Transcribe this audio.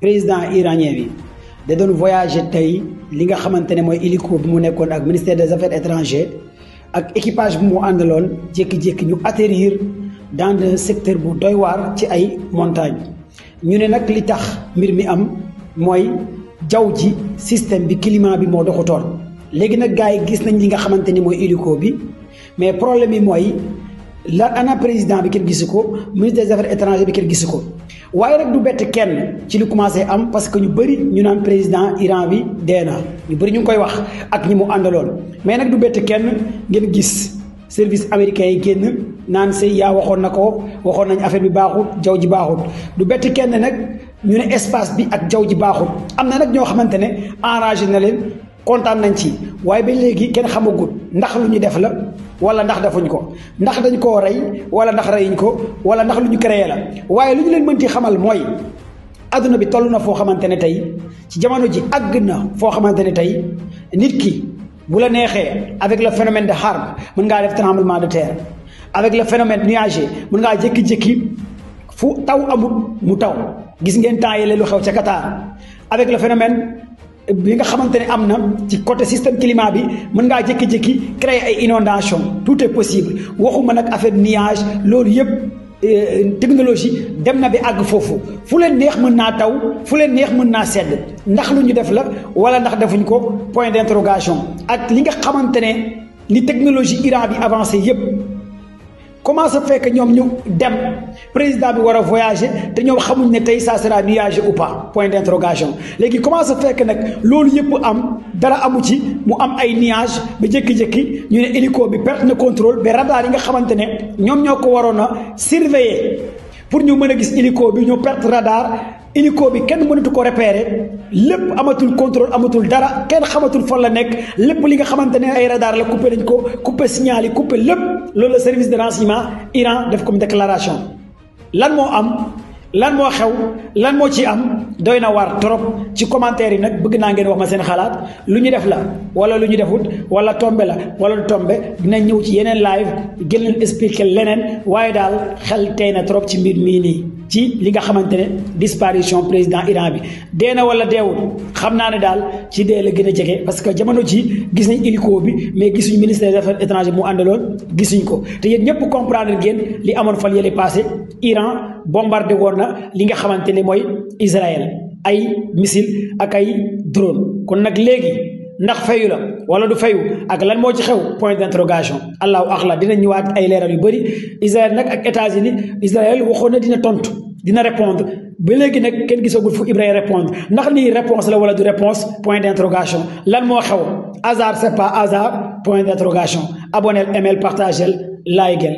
président iranien bi da doon voyager tey li nga xamante ne mooy hélico bi mu nekkoon ak ministère des affaires étrangères ak équipage bi mu àndaloon jékki-jékki ñu atterrir dans le secteur bu doy waar ci ay montagne ñu ne nag li tax mbir mi am mooy jaww ji système bi climat bi moo doxutoon léegi nag gars yi gis nañ li nga xamante ni mooy hélico bi mais problème bi mooy la ana président bi kenn gisu ko ministre des affaires étrangères bi kenn gisu ko waaye rek du bett kenn ci li commencé am parce que ñu bëri ñu naan président Iran bi dee na ñu bëri ñu ngi koy wax ak ñi mu àndaloon mais nag du bett kenn ngeen gis service américain yi génn naan sëy yaa waxoon na ko waxoon nañ affaire bi baaxut jaw ji baaxut du bett kenn nag ñu ne espace bi ak jaww ji baaxut am na nag ñoo xamante ne enragé na leen. kontaan nañ ci waaye ba léegi kenn xamagut ndax lu ñu def la wala ndax defuñ ko ndax dañ koo rey wala ndax reyuñ ko wala ndax lu ñu créé la waaye lu ñu leen mënti xamal mooy adduna bi toll na foo xamante ne tey ci jamono ji àgg na foo xamante ne tey nit ki bu la neexee avec le phénomène de harbe mën ngaa def tremblement de terre avec le phénomène nuagé mun ngaa jékki-jékki fu taw amul mu taw gis ngeen temps yi lu xew ca Qatar avec le phénomène. bi nga xamante ne am na ci côté système climat bi mën ngaa jëkki jékki créer ay inondation tout est possible waxuma nag affaire nuage loolu yëpp euh, technologie dem na bi àgg foofu fu leen neex mën naa taw fu leen neex mën naa sedd ndax lu ñu def la wala ndax defuñ ko point d'interrogation ak li nga xamante ne li technologie ira bi avancé yëpp comment ça fait ñoom ñu dem président bi war a voyager te ñoom xamuñ ne tey ça sera nuagé ou pas point d' interrogation léegi comment ça fait nag loolu yëpp am dara amu ci mu am ay nuage ba jékki-jékki ñu ne hélico bi perte na contrôle ba radar yi nga xamante ne ñoom ñoo ko waroon a surveiller pour ñu mën a gis hélico bi ñu perte radar. hélico bi kenn mënatu ko repérer lépp amatul contrôle amatul dara kenn xamatul fan la nekk lépp li nga xamante ne ay radar la coupé nañ ko coupé signal coupé lépp loolu la service de renseignement Iran def comme déclaration lan moo am lan moo xew lan moo ci am doy na war trop ci commentaire yi nag bëgg naa ngeen wax ma seen xalaat lu ñu def la wala lu ñu defut wala tombe la wala du tombe dinañ ñëw ci yeneen live gën leen expliquer leneen waaye daal xel tey na trop ci mbir mii nii ci li nga xamante ne disparition président Iran bi dee na wala deewul xam naa ne daal ci dee la gën a jege parce que jamono ji gis nañ hélico bi mais gisuñ ministre des affaires mu àndaloon gisuñ ko te ñëpp comprendre ngeen li amoon fan yële passé Iran bombardé woon na li nga xamante ne mooy Israël ay missile ak ay drone kon nag léegi ndax fayu la wala du fayu ak lan moo ci xew point d'interrogation allahu la dina ñëwaat ay leeral yu bëri Israël nag ak États-Unis Israël waxoon na dina tontu dina répondre ba léegi nag kenn gisagul fu Ibrahima répondre ndax ni réponse la wala du réponse point d'interrogation lan moo xew hasard c'est pas hasard point d'interrogation abonnel aimel partagel laayigel